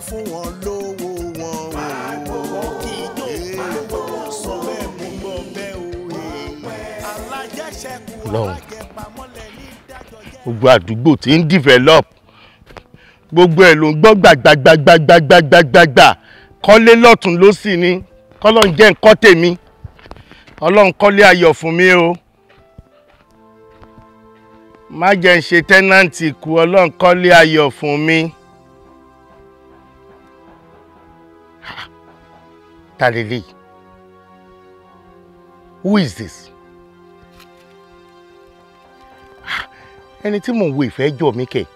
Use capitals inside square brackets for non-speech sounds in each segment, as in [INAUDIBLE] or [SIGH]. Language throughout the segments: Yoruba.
ń fún wọn lówó wọn o ìjó àgbo sọ bẹ́ẹ̀ mú gbọ́ bẹ́ẹ̀ o alájẹsẹ̀kù alájẹpamọ́lẹ̀ ní ìdájọ́ jẹ́. gbogbo àdúgbò tí ń develop gbogbo ẹ̀ ló ń gbọ́ gbàgbàgbàgbàgbàgbàgbà kọ́lé lọ́tún ló sì ni kọ́lọ́n jẹ́ nǹkan tèmi ọlọ́run kọ́lé ayọ̀ fún mi o má jẹ́ ń ṣe tẹ́nàntì kú ọlọ́run kọ́lé ayọ̀ fún mi. talele who is this Anything ah, more mò ń wo ìfẹ́ jọ mí kẹ̀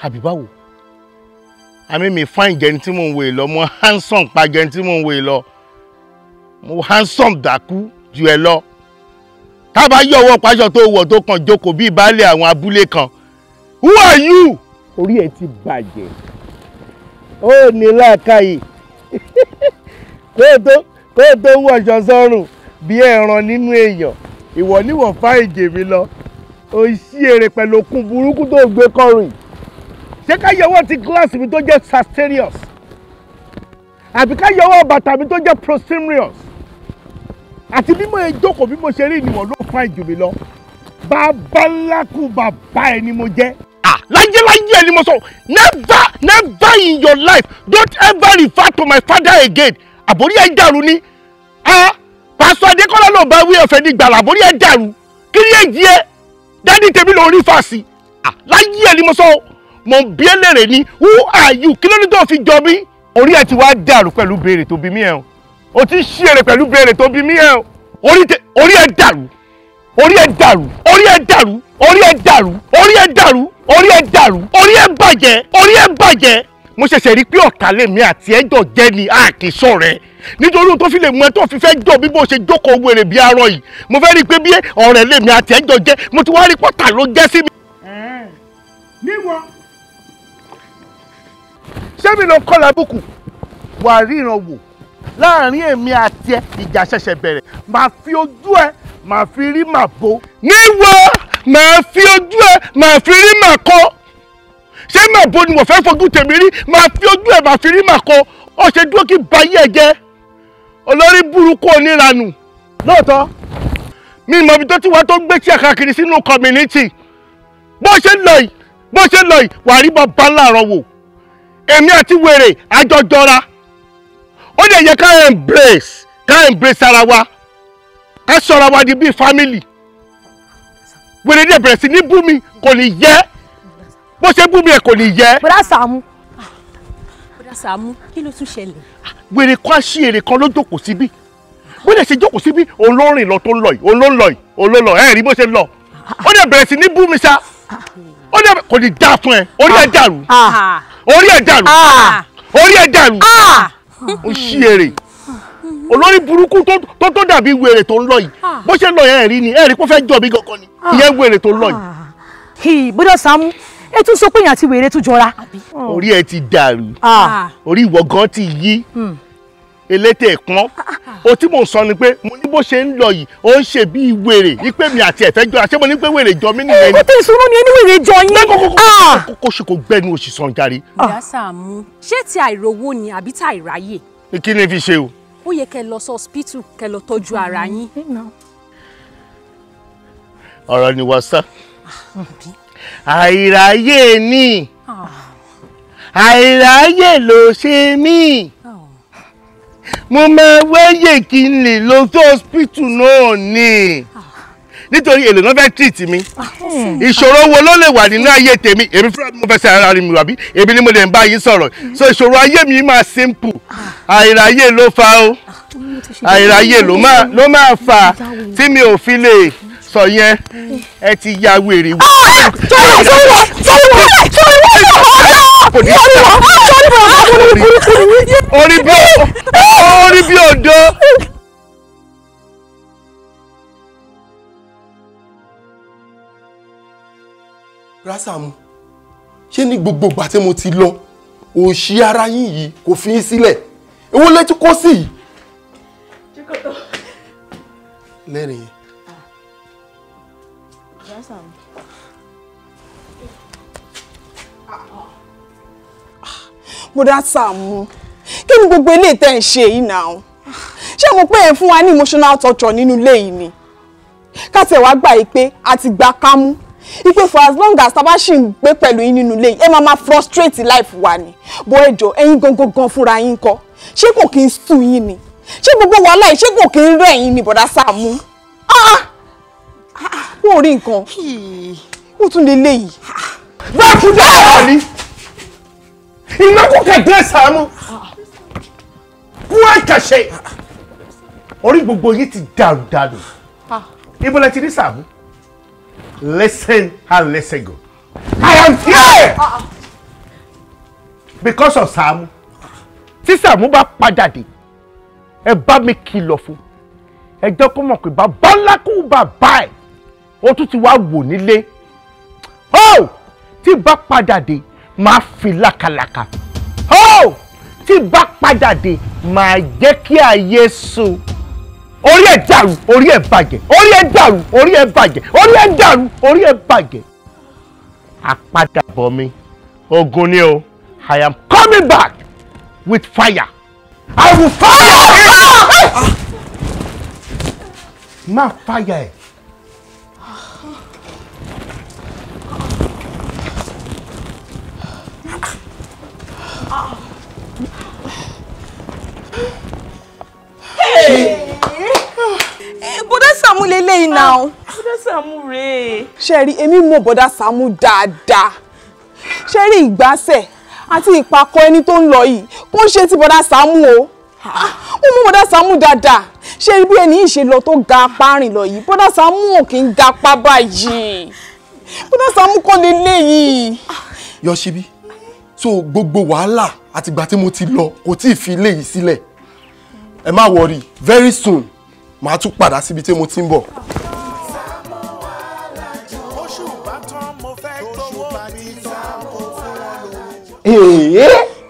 àbí báwo àmì mi fáìn jẹni tí handsome pa jẹni tí mò ń wo ìlọ mo handsome dàkú ju ẹ lọ tábà yọ ọwọ́ pàṣọ tó wọ̀ tó kàn jókòó bíi baálé àwọn who are you. orí ẹ ti bàjẹ́ ó [LAUGHS] kóòtó kóòtó wọ̀ṣọ sọ́rùn bí ẹran nínú èèyàn ìwọ níwọ̀ fá ìjè mi lọ o ṣí èrè pẹ̀lú okun burúkú tó gbé kọrùn ṣé ká yọwọ́ ti gíláàsì mi tó jẹ́ sasterius àbí ká yọwọ́ bàtà mi tó jẹ́ prosimrius àti bí mo ṣe jókòó bí mo ṣe rí ìnìwọ̀n ló fá ìjù mi lọ bàbá ńlá kù bàbá ẹ ni mo jẹ́ láyé láyé ẹ ni mo sọ never never in your life don't ever refer to my father again àbórí ẹ̀ dàrú ni a pásọ adékọ́lá ló bá wí ọ̀fẹ́ ní gbàrà àbórí ẹ̀ dàrú kiri èjì ẹ dádì tèmi ló rí fàṣì láyé ẹ ni mo sọ mo bí ẹlẹ́rẹ̀ ni who are you kí ló ní tó fi jọ mí. orí ẹ ti wá dàrú pẹ̀lú béèrè tó bí mí ẹ o o ti ṣí èrè pẹ̀lú béèrè tó bí mí ẹ o orí ẹ dàrú orí ẹ dàrú orí ẹ dàrú orí ẹ dàrú orí ẹ dàrú orí ẹ dàrú orí ẹ bàjẹ́ orí ẹ bàjẹ́ mo ṣẹ̀ṣẹ̀ rí pé ọ̀tá lèmi àti ẹ̀jọ̀ jẹ́ ni àkísọ̀ rẹ̀ nítorí ohun tó fi lè mú ẹ tó fi fẹ́ jọ bí bó ṣe jókòó wèrè bí arọ yìí mo fẹ́ rí i pé bí ọ̀rẹ́ lèmi àti ẹ̀jọ̀ jẹ́ mo ti wá rí pọ́tà ló jẹ́ sí mi. níwọ ṣé mi ló ń kọ́ lábùkù wàá ríran wò láàrin èmi àti ẹ ìjà ṣẹ̀ṣẹ̀ bẹ̀rẹ̀ màá fi ojú ẹ màá fi rí màá bo. níwọ màá fi ojú ẹ màá fi rí màá kọ́ ṣé nàbó ni mo fẹ́ fojú tèmi rí máa fi ojú ẹ̀ máa fi rí màá kọ ọ ṣe dúró kí bayé ẹ jẹ olórí burúkú oníranù lóòótọ́ mi mọ̀ ibi tó ti wá tó gbé tí àkàkiri sínú community bó ṣe lọ yìí bó ṣe lọ yìí wàá rí bàbá láàárọ̀ wò èmi àti wèrè àjọjọra ó lè yẹ ká embrace ká embrace ara wa ká sọra wa di bíi family wèrè dẹ̀ bẹ̀rẹ̀ sí ní bú mi kò ní yẹ bó ṣe bú mi ẹ kò ní yẹ. bọ́dá Sàámú bọ́dá Sàámú kí ló tún ṣẹlẹ̀. wèrè kan ṣí èrè kan ló jókòó síbí bó dẹ̀ ṣe jókòó síbí òun ló rìn lọ tó ń lọ yìí òun ló ń lọ yìí òun ló ń lọ ẹ rí bó ṣe ń lọ ó dẹ̀ bẹ̀rẹ̀ sí ní bú mi sa ó dẹ̀ kò ní dá fún ẹ orí ẹ dàrú ah. Ah. orí ẹ dàrú ah. orí ẹ dàrú ó ṣí èrè olórí burúkú tó tó dàbí wèrè tó ń lọ yìí bó ṣe lọ yẹn rí ni ẹ rí pé ó fẹ́ jọ bí gangan ni ìyẹn wèrè tó ń lọ yìí. bọ́dọ̀ Sàámú ẹ tún sọ pé èèyàn àti wèrè tún jọra. orí ẹ ti dàrú orí ìwọ gan ti yí elétè pọ́n o tí mò ń sọ ni pé mo ní bó ṣe ń lọ yìí ó ń ṣe bí wèrè wípé mi àti ẹ̀fẹ́ jọra ṣé mo ní pé wèrè jọ mí nìyẹn ni. ó tẹ ìṣòro ni ẹni wèrè jọ yín. kókó ṣe kò gbẹ́nu òṣì san jàre. ìyá Sàámú ṣé ti àìrówó ni àbí ti àìráyè. kí ni fi ṣe o. ó yẹ kẹ́ lọ sọ́spítù kẹ́ lọ tọ́jú ara yín. ọ̀rọ̀ ni wàá sá àìráyè ni àìráyè ló ṣe mí mo máa wẹ́yè kí n lè lọ sí hospital náà ni nítorí èlò náà fẹ́ treat mi ìṣòro wo ló lè wà nínú ayé tèmi èmi fúnra mi mo fẹ́ ṣe ara mi wà bí èmi ni mo lè ń bá yín sọ̀rọ̀ so ìṣòro ayé mi máa simple àìráyè ló fa o àìráyè ló máa fa tí mi ò fi lè sọ yẹn ẹ ti ya wèrè wọ. sọ̀rọ̀ sọ̀rọ̀ sọ̀rọ̀ sọ̀rọ̀ orí bí orí bí odò. Rasamu ṣé ní gbogbo ìgbà tí mo ti lọ òṣì ara yín yìí kò fi í sílẹ̀ èwo lẹ́tí kó sí yìí. lẹ́rìn yẹn ultrasound. Bùdá Sàámú, kí ni gbogbo eléyìí tẹ́ ń ṣe yìí náà? Ṣé mo pé ẹ̀ fún wa ní emotional torture nínú ilé yìí ni? Káṣẹ̀ wá gbà yìí pé a ti gba kámú. Ipe for as long as tá bá ṣì ń gbé pẹ̀lú yín nínú ilé yìí, ẹ máa máa frustrate life wa ni. Bọ́ ẹjọ́ ẹ̀yin gangan gan fúnra yín kọ́. Ṣé kò kí ń sùn yín ni? Ṣé gbogbo wàhálà yìí ṣé kò kí ń rẹ̀ yín ni bọ̀dá Sàámú? Ah! wọn ò rí nǹkan wọn tún lè léyìí. báàkì dáhà ni iná kúkẹ́ dé sàámú bú àkàṣe orí gbogbo yìí ti dàrú dàrú ibo la ti rí sàámú listen and listen go i am here because of sàámú tí sàámú bá padà dé ẹ bá mi kìlọ̀ fún ẹ jẹ́ kó mọ̀ pé bàbá ńlá kú bàbá ẹ̀ ó tún ti wá wò nílé ó tí bá padà dé máa fi lákàlàkà ó tí bá padà dé máa jẹ́ kí ayé sú orí ẹ̀ dàrú orí ẹ̀ bàjẹ́ orí ẹ̀ dàrú orí ẹ̀ bàjẹ́ orí ẹ̀ dàrú orí ẹ̀ bàjẹ́ àpadàbọ̀ mi ogun ni o I am coming back with fire I will fire. Ah! Ah! máa fàyà ẹ̀. Eh, bọ́dá Sàámú lélẹ́yìn náà. Ah, bọ́dá Sàámú rèé. ṣe rí èmi mọ bọ́dá Sàámú dáadáa ṣe rí ìgbásẹ̀ àti ìpàkọ́ ẹni tó ń lọ yìí kó ń ṣe ti bọ́dá Sàámú o ah, mo mú bọ́dá Sàámú dáadáa ṣe bí ẹni yìí ṣe lọ tó ga apá rìn lọ yìí bọ́dá Sàámú ò kì í ga apá báyìí ah. bọ́dá Sàámú kọ́ lélẹ́yìn. yọ so gbogbo wàhálà àtìgbà tí mo ti lọ kò tí ì fi ilé yìí sílẹ̀ ẹ má wọrí very soon màá tún padà síbi tí mo ti ń bọ̀.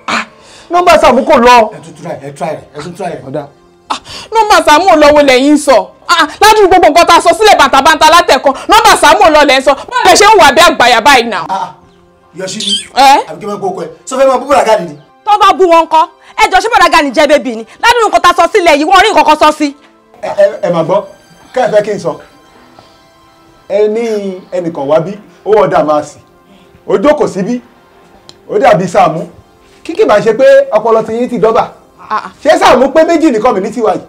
Ah, nọ́mbà Sàámú kò lọ. ẹ tún try ẹ try ẹ tún try ọ̀dà. Ah, nọ́mbà Sàámú ò lọ́wọ́ lẹ́yìn sọ ah, ládùúgbò gbogbo nǹkan tá a sọ sílẹ̀ bàtàbàtà látẹ̀kọ́ nọ́mbà Sàámú ò lọ lẹ́yìn sọ báyìí ṣe ń wà bí àgbàyà báyìí náà. Yọ̀ṣíbí àbí kí n máa kó o kọ ẹ sọ fẹ́ máa bú bọ̀dà gáàdì ni. tó bá bú wọn kọ ẹ jọ ṣé bọ̀dà gáàdì jẹ́ bébì ni ládùúgbò nǹkan ta sọ sílẹ̀ yìí wọ́n rí nǹkan kan sọ sí. ẹ mà gbọ́ káyọ̀fẹ́ kí n sọ ẹ ní ẹnìkan wá bí ó ọ̀dà máa sì ó jókòó síbí ó dàbí Sàámú kíkì máa ṣe pé ọpọlọ ti yín ti dọ́bà ah, ah. ṣé Sàámú pé méjì ní community wa yìí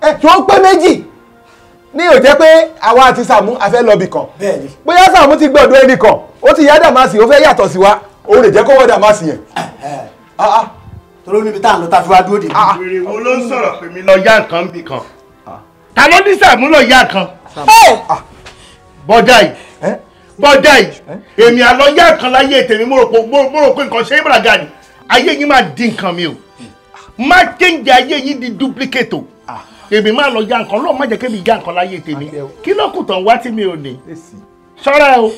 ẹ tí wọ́n pé méjì ní ó jẹ́ pé àwa àti Sàámú a fẹ́ lọ bìkan bóyá Sàámú ti gbọ́dọ̀ ẹnìkan ó ti yá dàmásì ó fẹ́ yàtọ̀ sí wa ó lè jẹ́ kó wọ́n dàmásì yẹn. Eh, eh, ah, ah. torí níbi tá à ń lọ ta fi wá dúró dè. Ah, wèrè wo ló ń sọ̀rọ̀ pé mi lọ yá nǹkan bì kan ta ló ní sàmú lọ yá nǹkan bọ́dà yìí eh? bọ́dà yìí èmi àlọ́ yá nǹkan láyé tèmi mo rò pé nǹkan ṣe é bàràgà ni ayé yìí máa di nǹkan mi o hmm. má change ayé yìí di duplicate o èmi máa lọ yá nǹkan lọ́ọ́ má jẹ́ kébi yá nǹkan láyé tèmi kí lọ́kùtàn wá tí mi ò ní ṣọ́ra o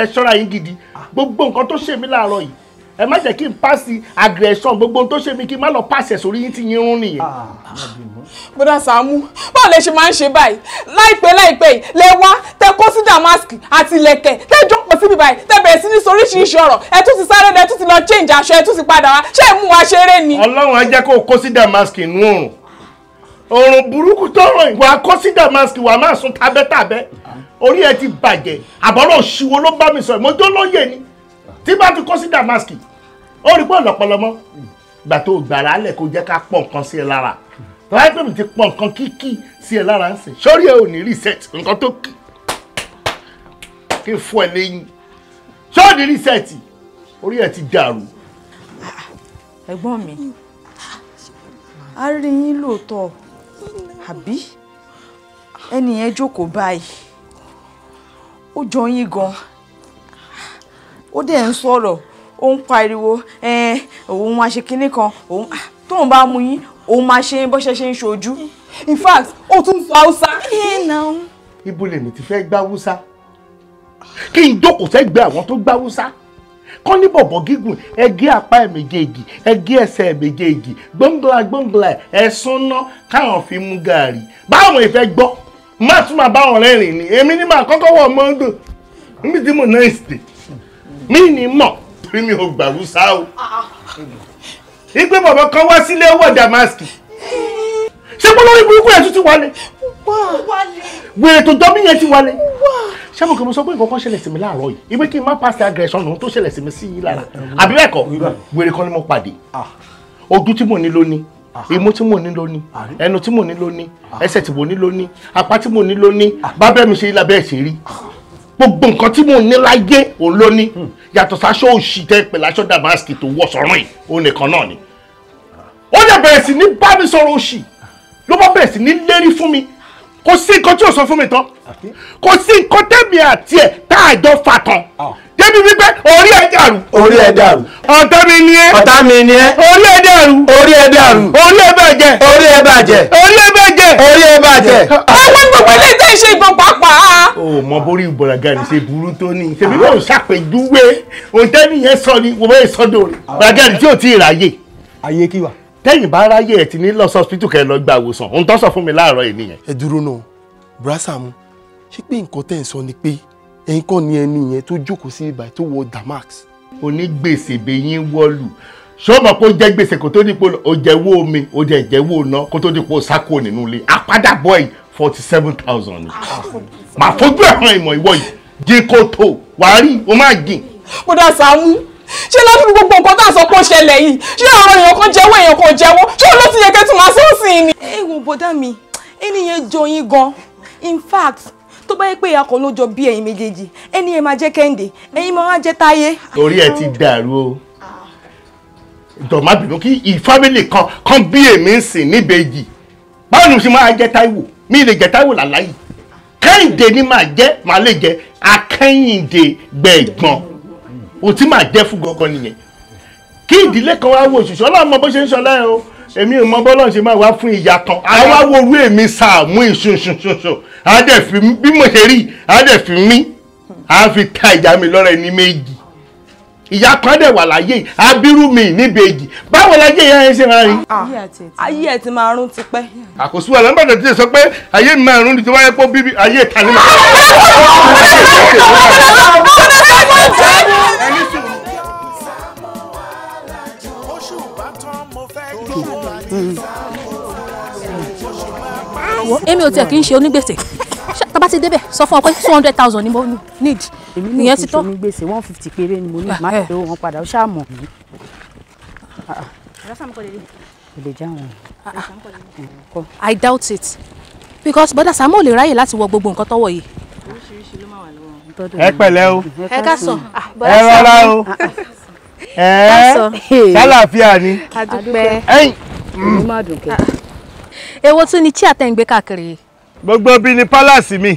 kẹ́ ṣọ́ra yín gidi gbogbo nǹkan tó ṣe mí láàárọ̀ yìí ẹ má jẹ́ kí n pàṣẹ aggression gbogbo tó ṣe mí kí n má lọ pàṣẹ sórí yín tí yín rún nìyẹn. Ah, bọ́dà Sàámú báwo lè ṣe máa ń ṣe báyìí láìpẹ́ láìpẹ́ yìí lẹ wá tẹ kó sí damask àti ilẹ̀kẹ̀ tẹ jókòó síbi báyìí tẹ bẹ̀rẹ̀ sí ní sọ oríṣiríṣi ọ̀rọ̀ ẹ tún ti sáré ẹ tún ti lọ change aṣọ ẹ tún ti padà wá ṣé ẹ mú wa ṣeré ni. Ọlọ́run á jẹ́ kó o kó sí damask inú òrùn òrùn burúkú tọrọ ìwà kó sí damask wà máa sun tabẹ́tabẹ́ orí ẹ ti bàjẹ́ àbọ̀rọ̀ òṣìwò ló bá mi sọ ìmọ̀jọ́ lóye ni tí bá ti kọ́ sí damaski ó rí pé ọ̀lọ́pọ̀lọ́ mọ́ ìgbà tó gbàrà lẹ̀ kó jẹ́ ká pọ̀ nǹkan sí ẹ lára láì pé mi ti pọ̀ nǹkan kíkì sí ẹ lára ń sìn sórí ẹ ò ní reset nǹkan tó kì kí fún ẹ lẹ́yìn sóòdì reset orí ẹ ti dàrú. ẹ̀gbọ́n mi a rí yín lóòótọ́ àbí ẹnìyẹn jókòó báyìí ó jọ yín gan ó dẹ̀ ń sọ̀rọ̀ ó ń pariwo òun máa ṣe kinní kan òun ah, tóun bá mú yín òun máa ṣe bó ṣe ṣe ń ṣojú in fact ó tún sọ haúsá. ibo lèmi ti fẹ́ gbá haúsá kí n jókòó fẹ́ gbé àwọn tó gbá haúsá kán ní bọ̀bọ̀ gígùn ẹgẹ́ apá ẹ̀ méjèèjì ẹgẹ́ ẹsẹ̀ ẹ̀ méjèèjì gbọ́ngbọ́n gbọ́ngbọ́n ẹ̀ sún ná káwọn fi mú gààrí báwọn ìfẹ́ gbọ́ má tún máa bá wọn rẹ́rìn ni èmi ní máa kọ́kọ́ wọ̀ mọ́ńdò níbi tí mo náà ìsìtè mí ni mọ̀ torí mi ò gbàgbú sá o ìgbé bàbá kan wá sílé owó damaski ṣé kó lórí burúkú yẹn tún ti wálé wèrè tó jọmí yẹn ti wálé ṣé mo kì í sọ pé nǹkan kan ṣẹlẹ̀ sí mi láàárọ̀ yìí ibi kí n má pass aggression nù tó ṣẹlẹ̀ sí mi sí yìí lára àbí bẹ́ẹ̀ kọ́ wèrè kan ni mo pàdé ojú tí mo ní ló imú tí mò ní ló ní ẹnu tí mò ní ló ní ẹsẹ̀ tí mò ní ló ní apá tí mò ní ló ní bábẹ́ mi ṣe rí lábẹ́ ẹ̀ ṣe rí gbogbo nǹkan tí mò ní láyé òun ló hmm. yàtọ̀ sáṣọ òṣì tẹ́ pẹ̀lú aṣọ dàmásìkì tó wọ̀ sọ́rùn yìí òun nìkan náà ni. ó lè bẹ̀rẹ̀ sí ní bá mi sọ̀rọ̀ òṣì ló bá bẹ̀rẹ̀ sí ní lérí fún mi kò sí nǹkan tí o sọ fún mi tán kò sí nǹkan tẹ̀mí àti ẹ̀ tá a jọ fà tán ah. débi wípé orí ẹ dàrú. orí ẹ dàrú. ọ̀tá mi ni ẹ. ọ̀tá mi ni ẹ. orí ẹ dàrú. orí ẹ dàrú. orí ẹ bàjẹ́. orí ẹ bàjẹ́. orí ẹ bàjẹ́. orí ẹ bàjẹ́. ọwọ́ gbogbo ilé tẹ́ ṣe ìbọn pàápàá. o mọ borí ìbọ̀dàgà ní ṣe burú tó ní ah. ṣèbí wọn ò ṣàpèjúwe òǹtẹ́niyẹn sọ ni wọ́n bẹ́ẹ̀ sọ́dọ̀ rẹ̀ bọ̀dàgà ní tí tẹ́yìn bá ráyè ẹ̀ ti ní lọ sọ́spítù kẹ́ ẹ lọ gba àwòsàn ohun tó sọ fún mi láàárọ̀ yìí nìyẹn. ẹ dúró náà brasa mu ṣé pé nǹkan tẹ́ ẹ̀ ń sọ ni pé ẹ̀yin kọ́ ni ẹni yẹn tó jókòó sí ibà tó wọ damax. onígbèsè bẹyìn wọlù ṣọ́ọ̀mọ̀ kó jẹ́ gbèsè kó tó dípò ó jẹ́wọ́ omi ó jẹ́ ìjẹ́wọ́ iná kó tó dípò sáko nínú ilé àpádàbọ̀ yìí forty seven thousand ni. màá fojú ẹ̀ hàn ìmọ̀ ìwọ yìí jí kó tó wàá rí o máa jìn. kódà Sàámú ṣé lọ́dún gbogbo nǹkan tá à sọ pé ó ṣẹlẹ̀ yìí ṣé ọ̀rọ̀ èèyàn kan jẹ́wọ́ èèyàn kan jẹ́wọ́ ṣé òun ló ti yẹ kẹ́ tún máa sọ́ọ̀sìn ni. ẹ wo bọ́dá mi ènìyàn jọ yín gan in fact tó bá yẹ pé ìyá kan ló jọ bí ẹ̀yin méjèèjì ẹni ẹ máa jẹ́ kẹ́hìndé ẹ̀yin máa jẹ́ táyé. orí ẹ ti dàrú o dọ̀mábìnú kí ìfámìlì kan kan bí èmi ń sìn níbejì báwo ni mo ṣe máa jẹ́ táíwò mi lè jẹ́ táíwò làláyì kẹ́hìndé ni màá jẹ́ màá lè jẹ́ akẹ́hìndé gbẹ̀gbọ́n o tí màá jẹ́ fún gangan nìyẹn kí ìdílé kan wá wo òṣìṣẹ́ ọlọ́run mọ bó ṣe ń sọ lẹ́yìn o èmi ò mọ bọ́lọ́run ṣe máa wá fún ìyàtọ̀ àwa wo orú èmi Sàámú ìṣunṣunṣunṣun á dẹ̀ fi bí mo ṣe rí á dẹ̀ fi mí á fi ta ìyá mi lọ́rẹ̀ ní méjì ìyá kan dẹ̀ wà láyé abirú mi níbejì báwo láyé ìyá yẹn ṣe máa rí. Ah, ayé ẹ ti máa rún tipẹ́. àkóso àlọ́ nígbà tó ti sọ pé ayé mi máa rún ni wáyé pé bíbí ayé ìta ni màá. [LAUGHS] èmi ò tiẹ̀ kì í ṣe onígbèsè tá ti débẹ̀ sọ fún ọ pé two hundred thousand ni mo need èmi ní kì í ṣe one fifty péré ni mo ní ah, má ṣe eh. wọn padà ó ṣáà ah, ah. I doubt it because bọ́dà Sàámú ò lè ráyè láti wọ gbogbo nǹkan tọ́wọ́ yìí ẹ pẹ̀lẹ́ o ẹ ká sọ ah, ẹ rọra o ah, ah. ẹ ṣàlàáfíà ni ẹyìn. èwo tún ni chia tẹ́ ń gbé káàkiri. gbogbo bí ni pálásì mi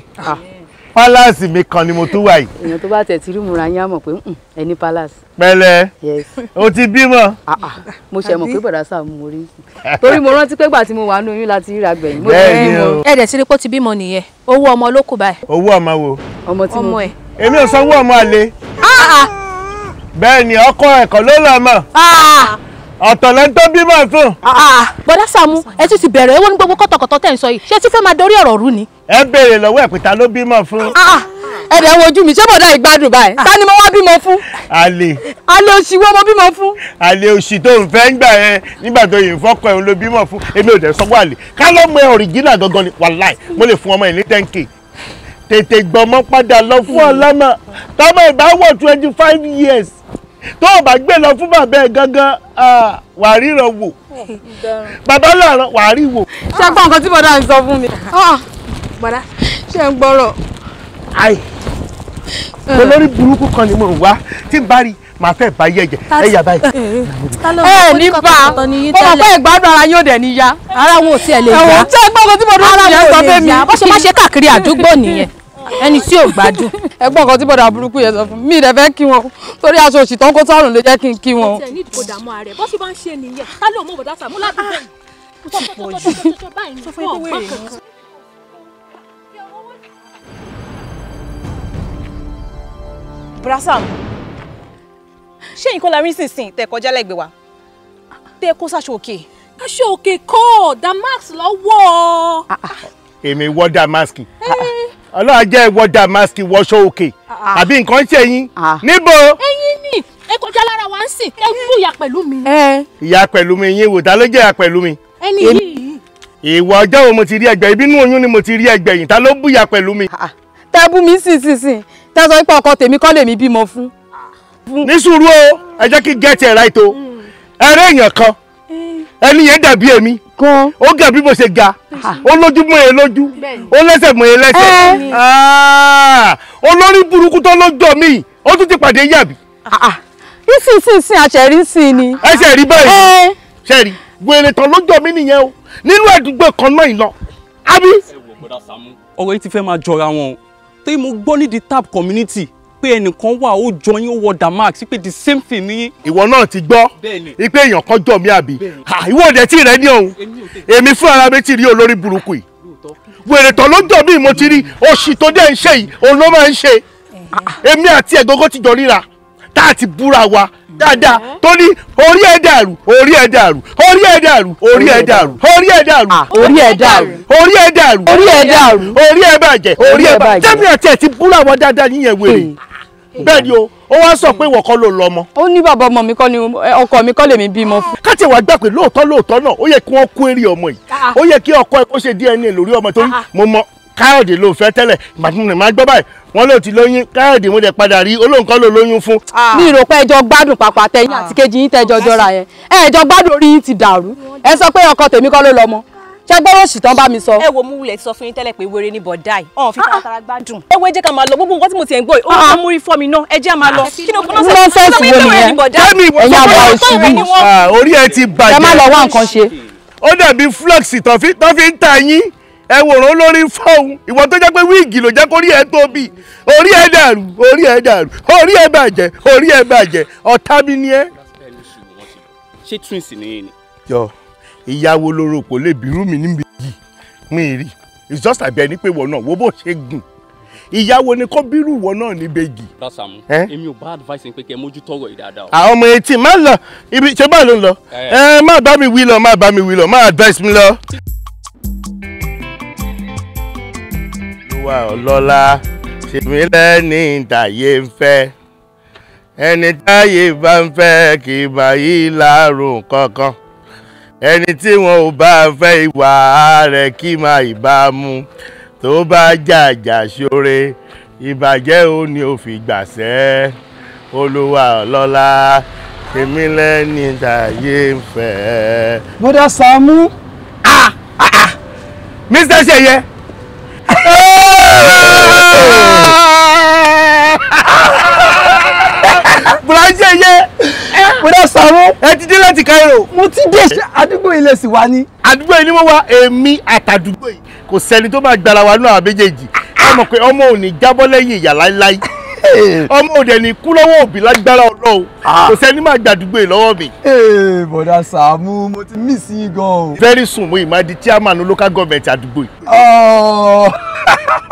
palace mi kan ni mo tún wà yìí. èèyàn tó bá tẹ̀ tí rúmùra yín á mọ̀ pé hmm, ẹni palace. pẹ̀lẹ́ o ti bímọ. Ah, ah. mo ṣe mọ̀ pé bọ̀dá sáà mo rí torí mo rántí pé ìgbà tí mo wà nínú oyún láti ríra gbẹ̀yìn. bẹ́ẹ̀ni o ẹ dẹ̀ ti rí pé ó ti bímọ nìyẹn owó ọmọ ló kù báyìí. owó ọmọ wo. ọmọ tí mo èmi ò sanwó ọmọ àlè. Ah, bẹ́ẹ̀ni ọkọ ẹ̀kọ́ ló lọ mọ̀ ọ̀tọ̀lẹ́ tó bí máa sùn. Ah, ah. Ah, bọ́lá sàmú ẹ tún ti bẹ̀rẹ̀ ewo ní gbogbo kọ́tọ̀kọ́tọ̀ tẹ̀ ń sọ yìí ṣé tí fẹ́ máa dorí ọ̀rọ̀ rú ni. ẹ béèrè lọ́wọ́ ẹ̀ pẹ̀ta ló bímọ fún. ẹ dẹ̀ wojú mi ṣé bọ̀dá ìgbádùn báyìí ta ni mo wá bímọ fún. àlè. àlè òṣì wo mo bímọ fún. àlè òṣì tó ń fẹ́ ń gbà yẹn nígbà tó yìí fọ́kọ ẹ̀ ń lo bímọ fún èmi ò dẹ̀ sọ́wọ́ àlè ká ló mọ ọ̀rìjìnà gangan ni wàláì mo lè fún ọmọ yìí ní ten k tètè gbọmọ padà lọ fún ọlọ́mọ tọmọ ìbá twenty five years tó o bá gbé lọ fún bàbá ẹ gangan wà á ríran wò bàbá làrán wà á rí wò. ṣé gbọ́ nǹkan tí bọ́dà ń sọ fún mi ah, ah, bọ́dà ṣé ń gbọ́rọ̀. ayi mo eh. lórí burúkú kan ni mo wá tí n bá rí màá fẹ́ bá yẹ̀jẹ̀ ẹ yà báyìí. ẹ eh, eh, ní bá ọmọ pé ìgbádùn ara yóò dẹ̀ níyà. ara wọn ò tiẹ̀ lè gbà. ẹ̀wọ̀n tí ẹ gbọ́ nǹkan tí mo dúró sí yẹn sọ fẹ́ mi. bó ṣe máa ṣe káàkiri àdúgbò nìyẹn ẹni tí ò gbádùn. ẹ̀gbọ́n kan tí bọ̀dà burúkú yẹn sọ fún mi ìdẹ fẹ́ kí wọn torí aṣọ òṣì tó ń kó sọ́run ló jẹ́ kí n kí wọn. ọ̀tẹ̀ ní ìdìbò dààmú ààrẹ bó ṣe bá ń ṣe nìyẹn ká lóun mọ̀ bọ̀dá sàmúlà tó bẹ̀rẹ̀ tó pọ̀ jù. sọ fún ẹgbẹ́ wèrè yẹn. brasam ṣé nǹkan la rí sínsìn tẹ kọjá lẹ́gbẹ̀ẹ́ wa tẹ kó sáṣọ òkè. aṣọ òkè kọ́ damask lọ́wọ́. Ah, ah. èmi wọ́ damask eh ọlọ́run jẹ́ ìwọ damaski wọṣọ òkè ah, ah. àbí nǹkan ṣe yín ah. níbo. ẹ̀yin ni ẹ kọjá lára wa ń sìn ẹ fún ìyá pẹ̀lú mi. ìyá pẹ̀lú mi yín wò ta ló jẹ́ ìyá pẹ̀lú mi. ẹni yìí. ìwọ ọjọ́ wo mo ti rí ẹgbẹ́ ìbínú oyún ni mo ti rí ẹgbẹ́ yìí ta ló bú ìyá pẹ̀lú mi. tẹ bú mi sìn sìn sìn tẹ sọ pé ọkọ tèmi kọ́ lèmi bímọ fún. ní sùúrù o ẹ jẹ́ kí gẹ́tì ẹ̀ ráìtó ẹ̀rẹ́ èèyàn kan eh. ẹni yẹn dàbí èmi gan. ó ga bí mo ṣe ga ó lójú mọ́ ẹ lójú ó lẹ́sẹ̀ mọ́ ẹ lẹ́sẹ̀ eh. ah! olórí burúkú tó lọ́jọ́ mi ó tún ti pàdé yàbí. ìsinsìnyí àṣẹrí sí ni. ẹsẹ̀ rí báyìí eh. ṣẹ̀rí wèrè tán lọ́jọ́ mi nìyẹn o nínú àdúgbò kan náà ìlọ àbí. ọ̀rọ̀ yìí ti fẹ́ máa jọra wọn o torí mo gbọ́ nídìí tap community pé ẹnìkan wà ó jọ yín ó wọ damax pé the same thing ni. ìwọ náà ti gbọ́ ipe èèyàn kan jọ mí àbí ìwọ òde tí rẹ ní òun èmi fún ara mi ti rí olórí burúkú yìí wèrè tán ló jọ mí mo ti rí oṣì tó dé ń ṣe yìí òun ló máa ń ṣe èmi àti ẹ̀gógó ti jọ ríra tá a ti búra wa dáadáa tó ní orí ẹ dàrú orí ẹ dàrú orí ẹ dàrú orí ẹ dàrú orí ẹ dàrú ah, orí ẹ dàrú orí ẹ dàrú orí ẹ dàrú orí ẹ bàjẹ́ orí ẹ bàjẹ́ tẹ́mi àti ẹ̀ ti búra wa dáadáa yíyan wèrè. Hmm bẹ́ẹ̀ ni o ó wá sọ pé ìwọ kọ́ ló lọ ọmọ. ó ní bàbá ọmọ mi kọ́ ni ọkọ mi kọ́ lèmi bímọ fún. káti wàá gbà pé lóòótọ́ lóòótọ́ náà ó yẹ kí wọ́n kú èrè ọmọ yìí ah, ah. ó yẹ kí ọkọ ẹ kó ṣe DNA lórí ọmọ torí ah, mo mọ káyọ̀dé ló fẹ́ tẹ́lẹ̀ màtúmùnì máa gbọ́ báyìí wọ́n ló ti lóyún káyọ̀dé mo dẹ̀ padà rí olóǹkọ́ ló lóyún fún. mi rò pé ẹjọ gbádùn pàpà tẹyin àti kejì yín tẹjọ jọra yẹn ẹjọ gbádùn orí yín ti dàrú ẹ sọ pé ọkọ tèmi kọ́ ló lọ́mọ ṣe gbọ́rọ̀ òṣì tán bá mi sọ. ẹ wo mú wulẹ̀ sọ fún yín tẹ́lẹ̀ pé wéré ni bọ̀dá yìí ọ̀hún fi ah, ah. tààtàrà gbádùn. ẹ wo ẹ jẹ́ ká máa lọ gbogbo nǹkan tí mo ti ẹ̀ ń gbọ́ yìí ó máa ah, múrí fọ́ mi náà ẹ jẹ́ máa lọ. kí ni òkú náà sọ fún mi ẹ̀yin àwa òṣì yìí orí ẹ ti bàjẹ́. ẹ má lọ wá nǹkan ṣe. ó dàbí flux tó fi ń ta yín ẹ wòrán lórí fọ́ọ̀hún ìwọ tó jẹ́ pé wíìgì ló jẹ́ kórí ẹ tóbi orí ẹ dàrú orí ẹ dàrú orí ẹ bàjẹ́ orí ẹ bàjẹ́ ọ̀tá mi ni ẹ. ṣé twins nìyẹn ni. yọ ìyàwó lóró kò lè bírú mi níbi yìí mi rí it's just like bẹ́ẹ̀ ni pé wọ̀ náà wo bó ṣe gùn ìyàwó ni kò bírú wọ náà ní bèjì. rasamu èmi ò bá advice pé kẹ mójú tọrọ yìí dáadáa. àwọn ọmọ etí máa ń lọ ibi ṣé báà ló ń lọ ẹ má bá mi wí lọ má bá mi wí lọ má advice mi lọ. olúwa ọlọ́lá ṣèmi lẹ́ni ìdàyé ń fẹ́ ẹni táyé bá ń fẹ́ kì í bá yí láàrùn kankan ẹni tí wọn ò bá fẹ́ ìwà rẹ̀ kí máa ìbámu tó bá jàjà ṣoore ìbàjẹ́ ò ní ò fi gbàṣẹ́ olúwa ọlọ́lá èmi lẹ́ni tàyé ń fẹ́. bọ́dà Sàámú. ah ah ah Mr. Seye. [LAUGHS] bùrọ̀ Seye kódà Sàámú. ẹ ti dé láti Cairo. mo ti dé àdúgbò ilé sì wá ní. àdúgbò yìí ni wọ́n wá èmi àtàdúgbò yìí kò sẹ́ni tó máa gbára wa náà àbéjèèjì ẹ mọ̀ pé ọmọ ò ní jábọ́ lẹ́yìn ìyá láíláí [LAUGHS] ọmọ òde ní kú lọ́wọ́ òbí lágbára Ọlọ́run ah. kò sẹ́ni máa gbàdúgbò yìí lọ́wọ́ mi. ee bọ̀dà Sàámú mo ti mí sí gan very soon mo ì máa di chairman local government àdúgbò yìí. Ah. [LAUGHS]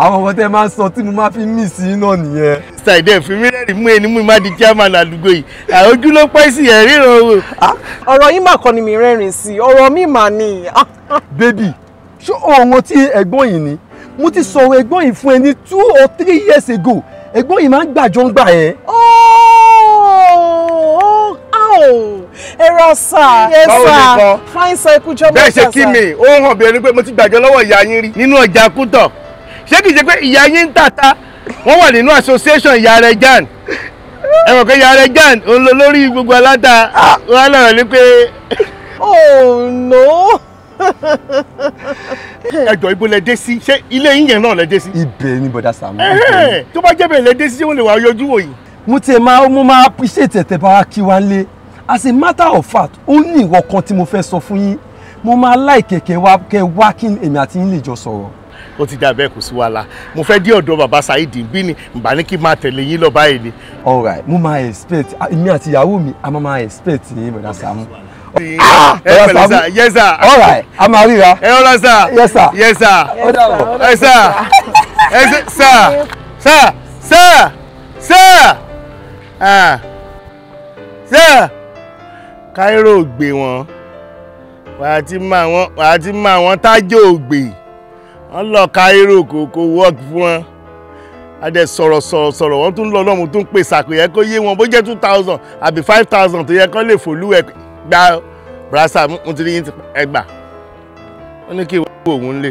àwọn ọmọ tẹ́ máa ń sọ tí mo máa fi mí sí náà nìyẹn. ṣàìdẹ́ fi mí rẹ́rìn mú ẹni mú mi di chairman àdúgbò yìí àójú ló pẹ́ sí ẹ̀ ríran o. ọ̀rọ̀ yìí mà kọ́ ni mi rẹ́rìn sí ọ̀rọ̀ mi mà ni. [LAUGHS] bébì ṣé ọmọ tí ẹ̀gbọ́n yìí ni mo ti sọ̀rọ̀ ẹ̀gbọ́n yìí fún ẹni two or three years ago ẹ̀gbọ́n yìí máa ń gbàjọ́ ń gbà yẹn. Oh, oh, ẹ̀rọ sà ẹ̀sà fine cycle jọ́mọ́ sà. bẹ́ẹ̀ ṣe kí mi ó hàn bí ẹni pé mo ti gbàjọ́ lọ́wọ́ ìyá yín rí nínú ọjà kútọ̀ ṣé kìí ṣe pé ìyá yín ń tàta wọ́n wà nínú association ìyá rẹ̀ jan ẹ̀wọ̀n kan ìyá rẹ̀ jan òun gbogbo aláta wọn lọ̀rọ̀ ní pé. oh no. ẹjọ ibo lẹ dé sí ṣé ilé yín yẹn náà lẹ dé sí. ibẹ̀ ni bọ̀dá Sàámú. tó bá jẹ́ bẹ́ẹ̀ lẹ dé sí ṣé wọ́n lè wá yọjú wò yìí. mo ti máa mo máa appreciate tẹ̀tẹ̀ bá wa kí wa lé as a matter of fact ó ní ìwọ kan tí mo fẹ́ sọ fún yín mo máa láì kẹ̀kẹ́ wa kẹ́ wá kí èmi àti yín lè jọ sọ̀rọ̀ ó ti dà bẹ́ẹ̀ kò sí wàhálà mo fẹ́ dé ọ̀dọ̀ bàbá Saheed bí ni bá ní kí máa tẹ̀lé yín lọ báyìí ni. all right mo máa expect èmi àti ìyàwó mi a máa máa expect yín bọ̀dá Sàámú. Ah, ẹ pẹ̀lẹ́ sà yes sir. all right a máa ríra. ẹ ọ̀rọ̀ sà yes sir yes sir ẹ sà ẹ sà sà sà sà sà Cairo gbé wọn wàá ti máa wọn wàá ti máa wọn tájò gbé wọ́n lọ Cairo kò kò work fún wọn adẹ sọ̀rọ̀ sọ̀rọ̀ sọ̀rọ̀ wọ́n tún lọ lọ́mù tún pè sàkó yẹ kó yé wọn bó jẹ́ two thousand àbí five thousand tó yẹ kó lè fòlú ẹ gba brasa mo ti rí yín ẹ gbà wọ́n ní kí wọ́n wò òun lé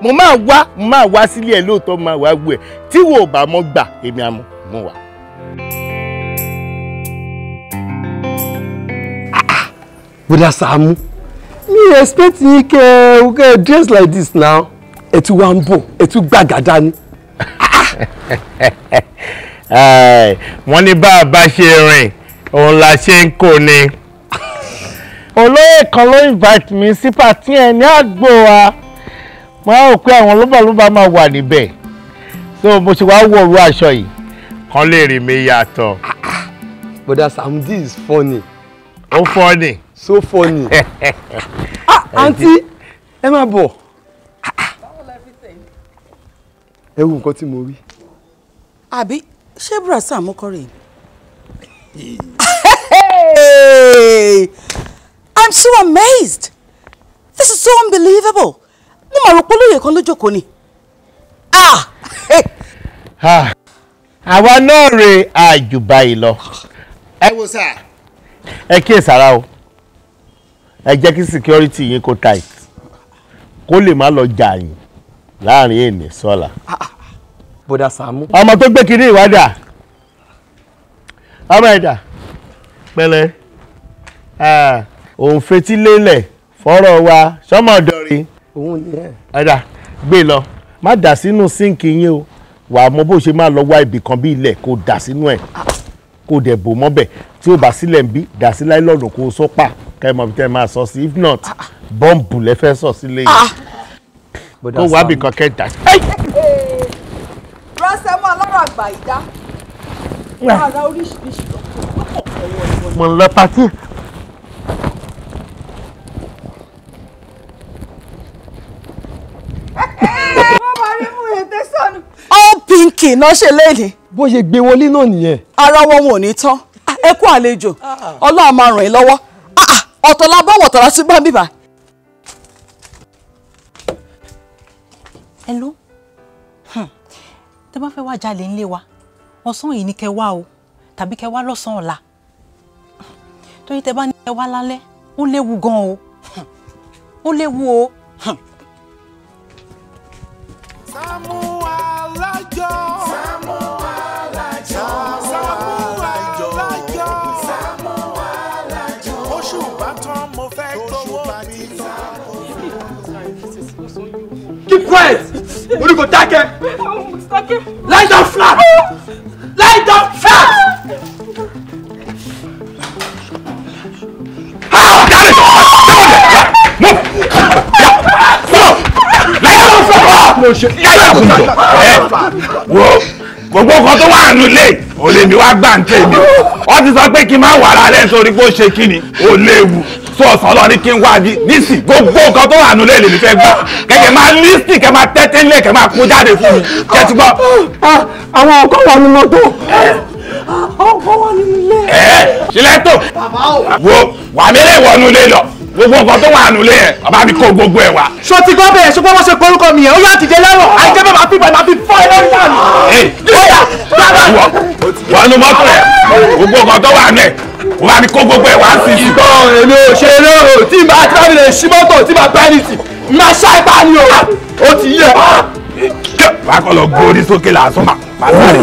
mo máa wá mo máa wá sílé ẹ lóòótọ́ mo máa wá gbé ẹ tí wo ò bá mọ́ gbà èmi àmọ́ mo wà. bùdá Sàámú mi expect yín kẹ kẹ dress like this now ẹ tún wá ń bọ̀ ẹ tún gbàgàdá ni. wọ́n ní bá a bá ṣe rìn òun la ṣe ń kó ni. olóyè kan ló invite mi sí pàtí ẹ ní àgbo wa mo á rò pé àwọn lóbàlóbà máa wà níbẹ̀ so mo ṣe wá wọ òru aṣọ yìí kan lè rìn mi yàtọ̀. bọ́dà Sam this is funny. ó funny so funny. [LAUGHS] ah àǹtí ẹ máa bọ̀. ẹ wo nǹkan tí mo rí. àbí ṣé brasa àmọ́kọ́rẹ́ yìí. I'm so amazed. This is so unbelievable. Mo máa rò pé olóyè kan ló jókòó ni. Ah! [LAUGHS] ah! Àwa náà re àjùbá yìí lọ. Ẹ wo sá. Ẹ kíyèsára o ẹ jẹ́ kí security yín kó tight kó lè má lọ jà yín láàrin èèní sọ́la. bọ́dà Sàámú. ọmọ tó gbé kiri ìwádà ọmọ ẹ̀dà pẹ̀lẹ́ òun fetí lélẹ̀ fọ́rọ̀ wa sọ́mọ ọ̀dọ́rin. òun ni ẹ. ẹ̀dà gbé lọ má dà sínú sínkì yín o wà á mọ bó ṣe máa lọ wá ibì kan bí ilẹ̀ kó dà sínú ẹ̀ kó dẹ̀ bò mọ́bẹ̀ tí ó bá sílẹ̀ ń bí dà sí láìlọ́ọ̀nù kó sọ́pà. So kẹ́ mọ̀ bí tẹ́ máa sọ sí if not ah, ah. bọ́ǹbù lẹ fẹ́ sọ sílé yìí ah. kó wá bí kankan dà. ránṣẹ́ mọ́ ọlọ́rọ̀ àgbà ìdá ara oríṣiríṣi lọ́kọ̀ọ́ mo ń lọ patí. all pinky náà ṣe léde. bó ṣe gbé wọlé náà nìyẹn. ara wọn wọn ò ní tán ẹ kú àlejò ọlọ́run máa ràn yín lọ́wọ́ ọ̀tọ̀ la bọ̀wọ̀ tọ̀la sí bá mi bá. hello hmm. tẹ́ bá fẹ́ wá jalè ńlé wa ọ̀sán yìí ni kẹ́ wá o tàbí kẹ́ wá lọ́sàn-án ọ̀la torí tẹ́ bá ní kẹ́ wá lálẹ́ ó léwu gan o hmm. ó léwu o. Hmm. Sáàmù. go take dákẹ́. Lie down flat. Lie down flat. gbogbo nǹkan tó wà nínú ilé olè mi wá gbà ń tẹ̀ mí ọ ti sọ pé kí n má wàrà rẹ sórí pé ó ṣe kí ni ó léwu sọ́ọ̀sì ọlọ́run ní kí n wá di níìsì gbogbo nǹkan tó wà nílé lèmi fẹ́ gbà kẹ̀kẹ́ máa lísì kẹ́ máa tẹ́tẹ́ nílẹ̀ kẹ́ máa kó jáde fún mi kẹ́ ti ah, àwọn ọkọ wà ní mọ́tò ah, ọkọ wà nínú ilé. ẹ ṣílẹ̀ tó wo wà mí lè wọnú ilé lọ gbogbo nǹkan tó wà nílé yẹn bàbá mi kó gbogbo ẹ wá. ṣó gbọ́ bẹ̀rẹ̀ ṣùgbọ́n wọ́n ṣe korúkọ mi yẹn ó yà àtijọ́ lẹ́wọ̀n ah. àìjẹ́ wà á ní gbogbo ẹ̀ wá sí i. ìbọn èmi ò ṣe eré o tí màá tí bámi lè ṣí mọ́tò tí màá pẹ́ẹ́lìtì màá ṣáìpá ni o ó ti yẹ. wà á kọ́ lọ gbórí sókè làásùn màá sáré.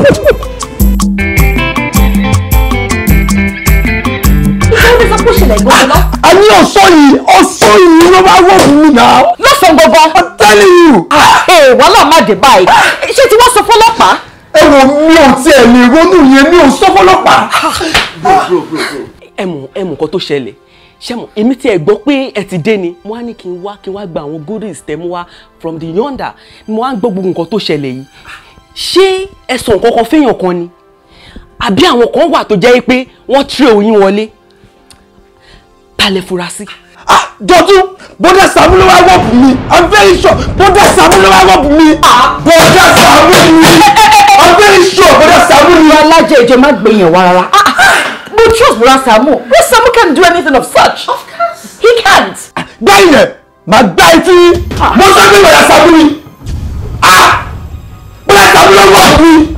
a ah, ní ọ̀sọ́ yìí ọ̀sọ́ yìí ló bá wọ̀ fún mi náà. lọ́sàn-án gbọ̀ngàn. I'm telling you. ẹ ah, eh, wàhálà má dé báyìí ah. ṣé tí wọ́n sọ fọlọ́pàá ẹ wò mí ò tiẹ̀ lè ronú yẹn mi ò sọ fọlọ́pàá. ẹ mọ̀ ẹ mọ̀ nǹkan tó ṣẹlẹ̀ ṣẹ́mu èmi tí ẹ gbọ́ pé ẹ ti dé ni mo á ní kí n wá kí n wá gba àwọn goodies tẹ mo wá from the yonder mo á gbọ́ gbogbo nǹkan tó ṣẹlẹ̀ yìí ṣé ẹ̀sùn kankan fẹ́yàn kan ni àbí àwọn kan wà tó jẹ́ pé wọ́n tirẹ̀ oyin wọlé ta fura sí. dọ́tún ah, bọ́dà Sàámú ló wọ́pù mi i'm very sure bọ́dà Sàámú ló wá wọ́pù mi ah, bọ́dà Sàámú mi. I'm very sure Brother Saamu ni. Alájẹ ìjọ má gbẹ̀yìn wa rárá. Ah, ah. Mo trust Brother Saamu. Brother Saamu can't do anything of such. Of course. He can't. Gbẹ́yìn rẹ̀, màá gbá etí. Ah. Mo sọ pé Brother Saamu ni. Brother Saamu ló wà fún mi.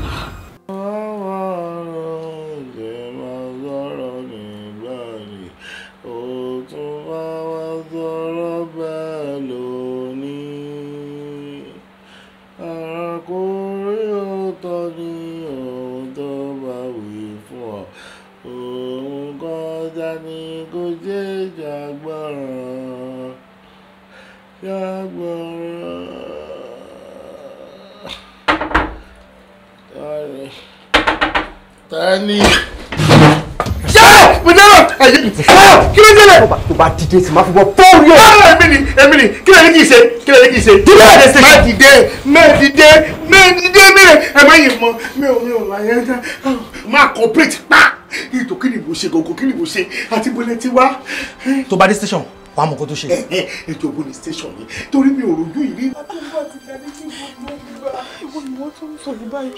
bá ṣe bìtì. kí dìde sì máa fi bọ fóònù yẹn. báwo èmi ni èmi ni kí ló ní kí n ṣe kí kí n ṣe. má dìde má dìde má dìde má ẹ má yìí mọ mi ò mi ò máa yẹn dá máa cooperate pa ètò kí ni mo ṣe gògó kí ni mo ṣe àti bọ́lẹ̀ ti wá. tó bá dé station wàá mọ̀ kó tó ṣe. ètò ògùn ni station yìí torí mi ò rojú ìrí. àtúntò àti kàdé tí mo gbọ́ ìwọ ni wọ́n tún sọ̀rọ̀ báyìí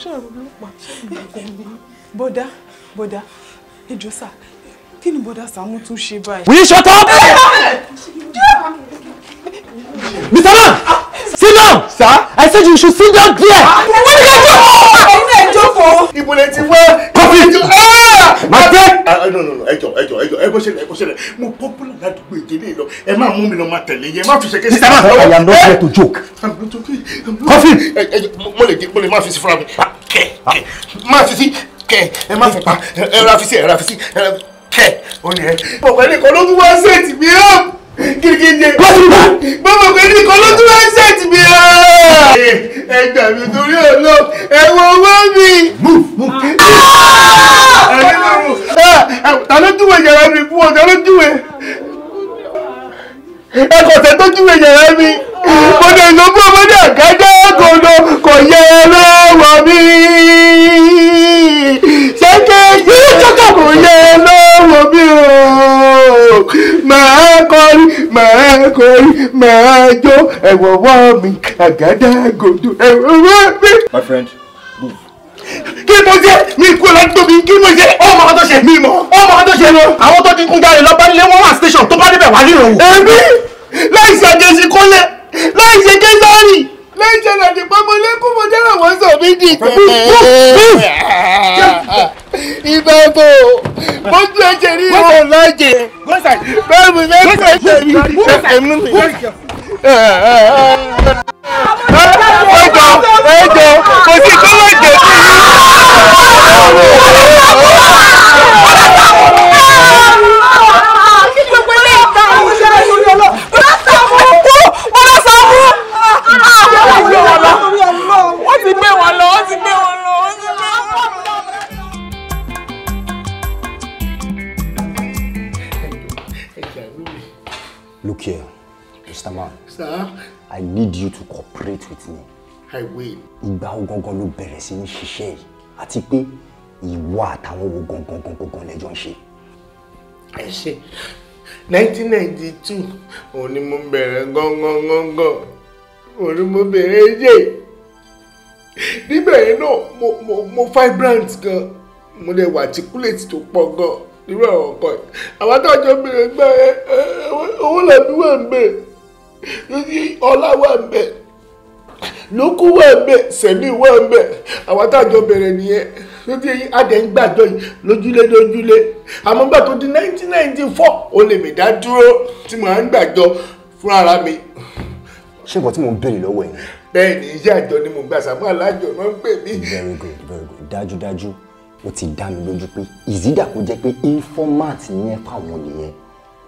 kí ni bọ́dá Sàámú tún ṣe báyìí. will you shut up. Mr. Man sit down. sir I said you should sit down there. wọ́n ní ká jókòó. ilé ìjókòó. ibo lè ti wá. kọfí máa tẹ. no no no ẹ jọ̀ọ́ ẹ jọ̀ọ́ ẹ jọ̀ọ́ ẹ kó ṣẹlẹ̀ ẹ kó ṣẹlẹ̀ mo popular ládùúgbò ìdílé lọ ẹ máa mú mi lọ máa tẹ̀lé yẹn má fi ṣe kéṣe. Mr. Man I am not here to eh? joke. kọfí. ẹ ẹ mo lè mo lè má fi sí fúnra mi. kẹ kẹ má fi sí kẹ ẹ má fi pa ẹ ra fi sí ẹ ra fi sí ẹ ra fi sí kẹ̀ ó ní ẹ. bọ̀bọ̀ ní kan ló tún wá ṣètì mí ọ́ gidigidi. wọ́n ti bá. bọ̀bọ̀ pé ní kan ló tún wá ṣètì mí ọ́. ẹ gbà mí torí ọ̀nà ẹ wọ owó mi. mú mú. Ah! Ah! Ah! ta ló júwe yàrá mi fún ọ ta ló júwe ẹ kọ̀ọ̀tẹ́ tó júwe yàrá mi mo dẹ̀ lọ fún ọmọdé. ẹjọ́ ẹ̀wọ̀wọ́ mi àgádágodo ẹ̀wọ̀wọ́ mi. my friend move. kí mo jẹ mi kú ládùúgbò mi kí mo jẹ ọmọ kan tó ṣe mi mọ ọmọ kan tó ṣe lọ. àwọn tó ti kún jalè lọ bá nílé wọn wà station tó bá débẹ̀ wà nírò wò. èmi láì ṣe àjẹsí kọ́lẹ̀ láì ṣe kẹ́sàárì láì ṣe àjẹsí pọ́nmọ́lé kú mo jẹ́rọ̀ wọ́n sọ mí dì ibẹ̀ bò bó tún ẹ jẹ rí ìwọ lájẹ bẹ́ẹ̀ mi lẹ́sẹ̀ jẹ mi ẹjọ ẹjọ kò need you to cooperate with me. I will. Ìgbà wo gangan ló bẹ̀rẹ̀ sí ní ṣiṣẹ́ yìí àti pé ìwọ àtàwọn wo gangan gangan lẹ́jọ́ ń ṣe. Ẹ ṣe 1992 òun ni mo bẹ̀rẹ̀ gangan gangan òun ni mo bẹ̀rẹ̀ yé níbẹ̀ yẹn náà mo mo mo vibrant gan mo lè wà articulate tó pọ̀ gan irú ẹ̀wọ̀n kan àwọn àtàjọ bẹ̀rẹ̀ gbà ẹ ẹ owó làbí wà ń bẹ̀rẹ̀ ọlá wà ń bẹ lókù wà ń bẹ sẹ̀mí wà ń bẹ àwọn àtàjọ bẹ̀rẹ̀ nìyẹn lójú eyín adẹ̀ ń gbàjọ yìí lójúlé lójúlé àmọ́ gbà tó di 1994. ninety four ó lè mí dá dúró tí màá ń gbàjọ fún ara mi. ṣé nǹkan tí mò ń béèrè lọ́wọ́ yẹn. bẹ́ẹ̀ ni iṣẹ́ àjọ ni mo gbà sàmú alájọ náà ń pè mí. very good very good dájúdájú ó ti dá mi lójú pé ìzídà kò jẹ́ pé informant yẹn fáwọn nìyẹn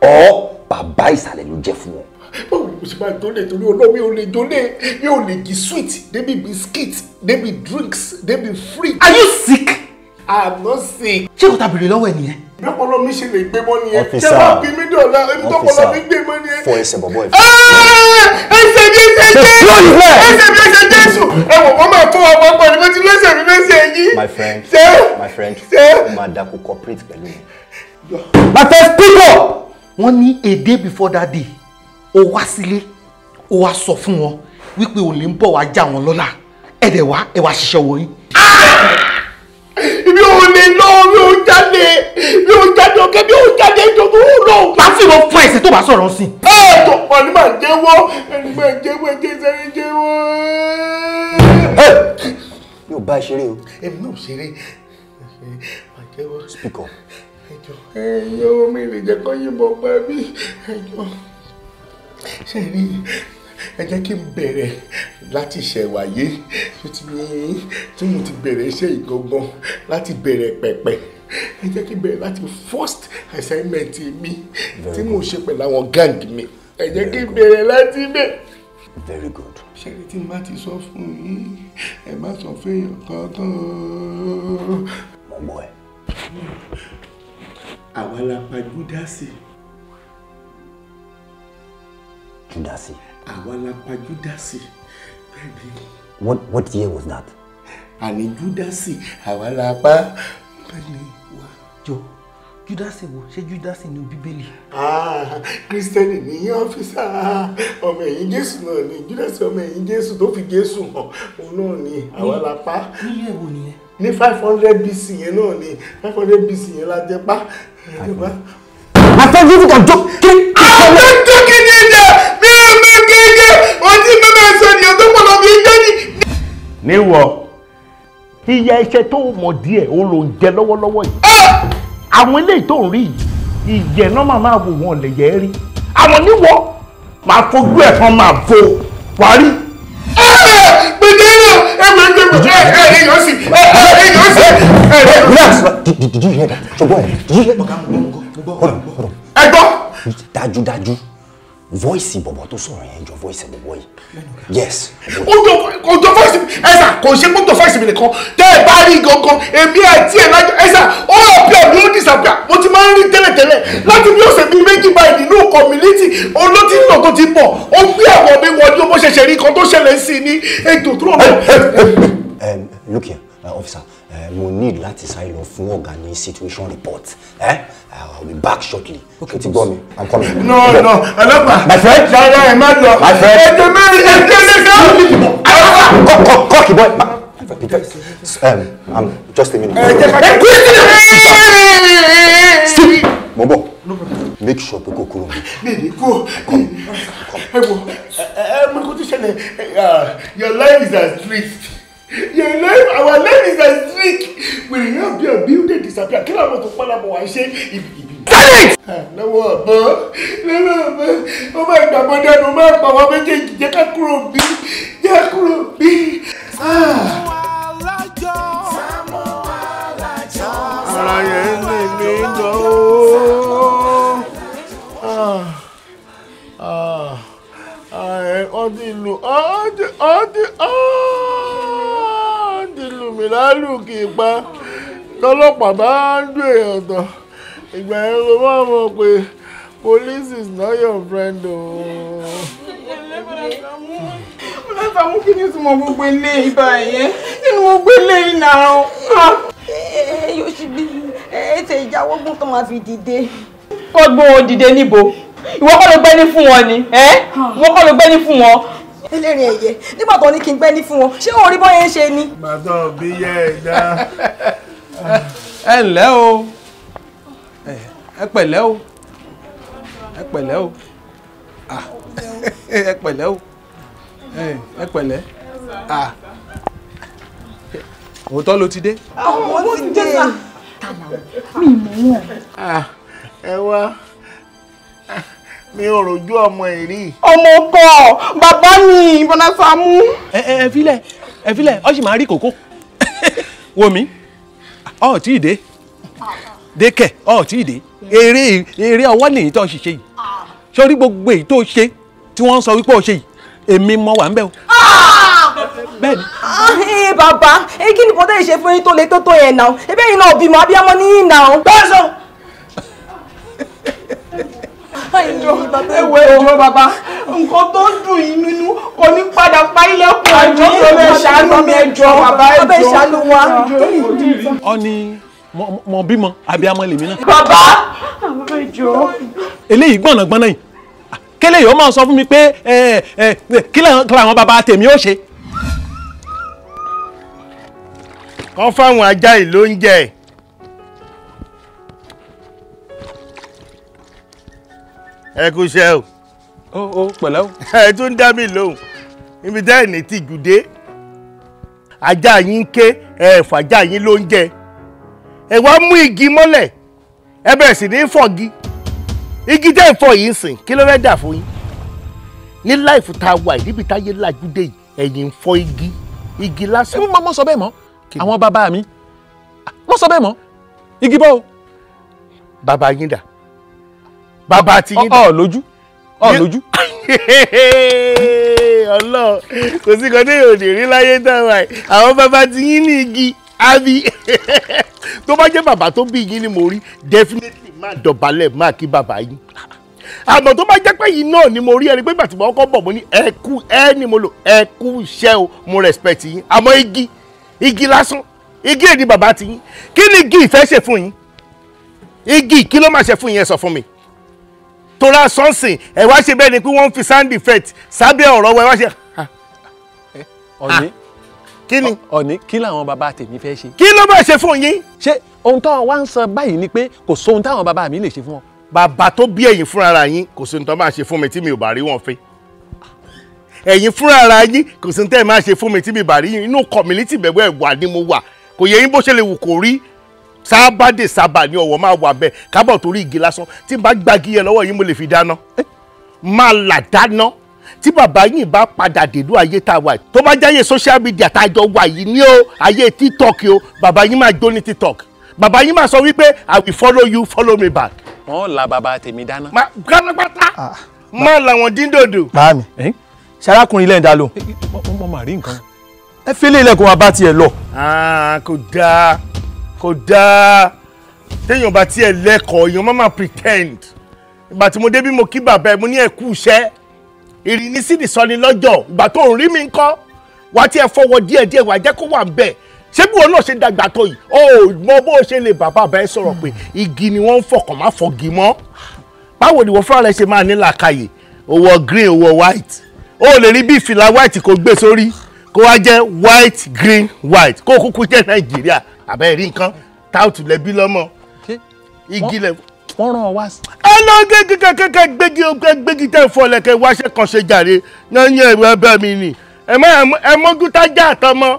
ọ́ bàbá ìsàlẹ̀ ló jẹ́ fún wọn báwo mo ṣe máa jólè torí ọlọ́mi ò lè jólè mi lè di sweet débi biscuit débi drinks débi free. are you sick. i'm not sick. ṣé kò tàbí rè lọ́wọ́ ẹ nìyẹn. lọ́pọ̀lọ́ mi ṣe lè gbé mọ́ nìyẹn. ọfíìsà ṣé wàá bí mi dọ̀la ẹni tọ́pọ̀lọ́ mi gbé mọ́ nìyẹn. fọ ẹsẹ̀ bọ̀bọ̀ ẹ. Ah! ẹsẹ̀ mi ẹsẹ̀ jésù ẹsẹ̀ mi ẹsẹ̀ jésù ẹ wò wọ́n máa fọwọ́ wọn pọ̀ ní mo ti lọ́sẹ̀ mi lọ́sẹ̀ yìí. my friend Sir. my friend ó máa dàkú corporate pẹ̀lú mi. my first people wọ́n ní a day before that day o wá sílé o wá sọ fún wọn wípé o lè ń bọ̀ wá já wọn lọ́la ẹ dẹ̀ wá ẹ wá ṣiṣẹ́ wọ̀nyí. mi ò lè lọ mi ò jáde mi ò jáde ọ̀kẹ́ mi ò jáde ìjọba ò lọ. má fi lọ fún ẹsẹ̀ tó bá sọ̀rọ̀ sí. ẹ tó pọ̀ ní màá jẹ́wọ́ ẹni jẹ́wọ́ ẹjẹ́ sẹ́ni jẹ́wọ́. yóò bá ẹ ṣeré o. èmi náà ṣeré màá jẹ́wọ́. speak up. ẹjọ ẹ yọ omi ìrìnjẹ kan yìnbọn pa mí ẹjọ ṣe rí ẹ jẹ́ kí n bẹ̀rẹ̀ láti ṣẹ̀wáyé tí mo ti bẹ̀rẹ̀ iṣẹ́ ìgangan láti bẹ̀rẹ̀ pẹ̀pẹ̀ ẹ jẹ́ kí n bẹ̀rẹ̀ láti first assignment mi tí mo ṣe pẹ̀lú àwọn gang mi ẹ jẹ́ kí n bẹ̀rẹ̀ láti bẹ̀. very good. ṣé tí n bá ti sọ fún yín ẹ má sọ fún èèyàn kankan. mo mọ ẹ. àwa la pa júdásì. Judasi. Awalapa Judasi. Baby. What, what year was that? Àní Judasi, Awalapa. Joe, Judasi wo, she Judasi ni Ah, Christian ni officer. Ome ẹ̀yìn Jésù ni Judasi ome ẹ̀yìn Jésù tó fi Jésù hàn òun náà ni Awalapa. ni ẹ̀wò nìyẹn. Ní five hundred BC yẹn náà ni five hundred BC yẹn la jẹ pa. Àtẹ̀jú ti kàn jó kí. níwọ̀ ìyà iṣẹ́ tó mọ̀ díẹ̀ ó ló ń jẹ lọ́wọ́lọ́wọ́ yìí àwọn eléyìí tó ń rí yìí ìyẹ̀ náà máa máa wò wọn lè yẹ ẹ́ rí àwọn níwọ̀ máa fojú ẹ̀ kan máa fo parí. Ẹgbọ́n! Dájúdájú voice bọ̀bọ̀ tó sọ̀rọ̀ yẹn jọ voice bọ̀bọ̀ yìí yes. ojo ojo voice mi ẹ̀sà kò ṣe mọ́tò voice mi nìkan tẹ́ ẹ bá rí gangan èmi àti ẹ̀ lájọ ẹ̀sà ó lọ bí ọ̀dún ó disappear mo ti máa ń rí tẹ́lẹ̀tẹ́lẹ̀ láti bí ọ̀sẹ̀ bíi méjì báyìí nínú community olótí náà tó ti bọ̀ ó gbé àwọn mi wọ ọdún bó ṣẹ̀ṣẹ̀ rí kan tó ṣẹlẹ̀ sí i ní ètò tó rọ̀ mọ́. Um, look here uh, officer We eh, need láti sáré lọ fún ọ̀gá ní situation report eh? eh i'll be back shortly okay ti gbọ́ mi i'm coming. no no ọlọ́pàá my friend ṣáájú ẹ má lọ my friend ẹjọ mẹ́rin ẹjọ mẹ́rin boy um, i'm just a minute. ẹ jẹ́ ká mo bọ̀ make sure pé kò kúrò mi. mi ni kú ẹ wo ẹ ẹ mọ kó tó ṣẹlẹ̀ eh, ah, your life is at risk your name our name is a snake wèrè yóò bí ọ bí ó dé disappear kí làwọn tó padà bọ̀ wá ṣe ibi. lọ́wọ́ ọ̀bọ̀n lọ́wọ́ ọ̀bọ̀n ó máa gbàgbọ́ dẹnu ó máa pa wá méjèèjì jẹ́ ká kúrò bí jẹ́ kúrò bí. ara yẹn lè mí lọ ooo ọdún ìlú ọdún ọdún ọdún mi lálù kì í pa tọ́lọ́pàá bá ń dùn èèyàn tán ìgbà yẹn ló máa mọ̀ pé police is not your friend o. ọlọ́pàá mú kí ni ìtumọ̀ gbogbo eléyìí báyẹn nínú gbogbo eléyìí náà. yóò ṣe bí ètò ìjáwó gbọ́n tó máa fi dìde. kó gbóhùn dìde níbo ìwọ kọ́ ló gbẹ́ni fún wọn ni ah. ìwọ kọ́ ló gbẹ́ni fún wọn ẹlẹ́rìn ẹ̀yẹ nígbà tó ní kí n gbẹ́ ní fún wọn ṣé òun rí bọ́ yẹn ṣe ni. bàtọ̀ bí yẹ ẹ dá. ẹ ǹlẹ́ o ẹ pẹ̀lẹ́ o ẹ pẹ̀lẹ́ o ẹ pẹ̀lẹ́ o ẹ pẹ̀lẹ́ òótọ́ ló ti dé. ọmọ ló ti dé sa. mi ì mọ̀ wọ́n. ẹ wá mi ò rojú ọmọ ẹ rí. ọmọ kọ bàbá mi bọ́dá Sàámú. ẹ ẹ filẹ ẹ filẹ ọ sì máa rí kókó [LAUGHS] wo mi ọ tí ì dé dékẹ ọ tí ì dé eré eré ọwọ́ nìyí tó ń ṣiṣẹ́ yìí sórí gbogbo èyí tó ṣe tí wọ́n ń sọ wípé ó ṣe yìí èmi mọ wà ń bẹ̀ o. bẹ́ẹ̀ni. Ah! ee eh, bàbá eh, kí ni kò tẹ́ ẹ ṣe fún yín tó le tó tó yẹn náà ebe yìí náà bímọ abiyamọ ní yín náà. bẹ́ẹ̀ sọ ẹwọ ẹjọ bàbá nǹkan tó ń dùn yín nínú kò ní padà páílẹ̀kùn ẹjọ́ tó lè ṣàánú mi ẹjọ́ bàbá ẹjọ́ ọ̀nì mọ̀ bímọ abiyamọ lèmi náà. bàbá ẹjọ́. eléyìí gbọ̀nàgbọ́nà yìí kẹ́lẹ́ yìí ó máa sọ fún mi pé kí làwọn bàbá tèmi ó ṣe. kọ́ fáwọn ajá ìlóúnjẹ. ẹ kú iṣẹ́ o. ó ó pẹ̀lẹ́ o. [LAUGHS] ẹ tún ń dá mi lóhùn níbi tẹ́ ẹ̀ ní ti gùdé ajá yín ń ké ẹ fàjá yín ló ń jẹ ẹ wá mú igi mọ́lẹ̀ ẹ bẹ̀rẹ̀ sí ní fọ̀gi igi tẹ́ ẹ̀ fọ̀ yìí ń sìn kí ló fẹ́ dà fún yín ní láìfù tá a wà yìí níbi táyé làjú dé yìí ẹ̀yìn ń fọ igi igi lásán. ẹ mọ mọ sọ bẹ́ẹ̀ mọ́ àwọn bàbá mi mọ sọ bẹ́ẹ̀ mọ́ igi bọ́ o. bàbá yín dà bàbá ti yín ọ̀ lójú ọ̀ lójú. [LAUGHS] ọlọ́run kò sí kan téèyàn ò lè rí láyé dáhùn àì àwọn bàbá ti yín ní igi àbí [LAUGHS] tó bá jẹ́ bàbá tó bí yín ni mo rí definitely má dọ̀bálẹ̀ má kí bàbá yín àmọ́ tó bá jẹ́ pé yìí náà ni mo rí ẹni pé gbàtí mo kọ́ bọ̀ mo ní ẹ kú ni mo lò ẹ iṣẹ́ o mo respect yín àmọ́ igi igi lásán igi èdè bàbá ti yín kí ni igi ìfẹ́ ṣe fún yín igi kí ló máa ṣe fún yín ẹ sọ fún mi tó rà sọ́ọ̀sìn ẹ wá ṣe bẹ́ẹ̀ ni pé wọ́n ń fi sound effect sábẹ́ ọ̀rọ̀ wa ẹ wá ṣe. ọ̀ní kí ni. ọ̀ní kí làwọn bàbá tèmi fẹ́ ṣe. kí ló máa ṣe fún yín. ṣé ohun tó wá ń sọ báyìí ni pé kò sóhun táwọn bàbá mi lè ṣe fún ọ. bàbá tó bí ẹ̀yin fúnra yín kò sí ohun tó máa ṣe fún mi tí mi ò bá rí wọn fẹ́ ẹ̀yin fúnra yín kò sí ohun tẹ́ ẹ máa ṣe fún mi tí mi bá rí inú community bẹ̀gbẹ́ ẹ̀gbà ni mo wà kò yẹ yín bó ṣe lè wù kó rí sábàdé sábà ní ọwọ́ máa wà bẹ́ẹ̀ kábọ̀ torí igi lásán tí n bá gbági yẹn lọ́wọ́ yìí mo lè fi dáná máa là dáná tí bàbá yìí bá padà dèlú ayé tá a wà tó bá jáyé social media tá a jọ wà yìí ní o ayé tiktok o bàbá yìí máa jó ní tiktok bàbá yìí máa sọ wípé i will follow you follow me back. wọn la bàbá tèmi dáná. ma gánà pátá ah, má làwọn díndòdò. báàmì ṣarákùnrin ilé ìdálò. wọ́n máa rí nǹkan. ẹ fi ilé ilẹ̀kùn wa bá tiẹ̀ lọ. Ah, kò dáa kò dáa téèyàn bá tiẹ̀ lẹ́kọ̀ọ́ èèyàn má má pretend ìgbà tí mo dé bí mo kí bàbá ẹ mo ní ẹ kú iṣẹ́ ìrìnísìnì sọni lọ́jọ́ ìgbà tó ń rí mi ńkọ́ wá tí ẹ fọwọ́ díẹ̀díẹ̀ wá jẹ́ kó wà bẹ́ẹ̀ ṣé bí wọn náà ṣe dàgbà tó yìí ó mọ bó ṣe lè bàbá bá ẹ sọ̀rọ̀ pé igi ni wọ́n ń fọkàn má fọgi mọ́ báwo ni wọ́n fúnra rẹ ṣe máa ní làákàyè ó green ó white ó lè rí bí ìfìlà white kò gbé sórí kó wá jẹ́ white green white kó kúkú jẹ́ nàìjíríà àbẹ́ rí nǹkan táùtù lẹ́bí lọ́mọ igi lẹ. wọ́n ràn wá. ẹ lọ kékeré gbégi gbégi tẹ̀ fọlẹ́kẹ̀ wáṣẹ́ kan ṣe jàre náà yẹn ìwé ẹbẹ mi nì ẹ mọ́gún tájà àtọmọ́.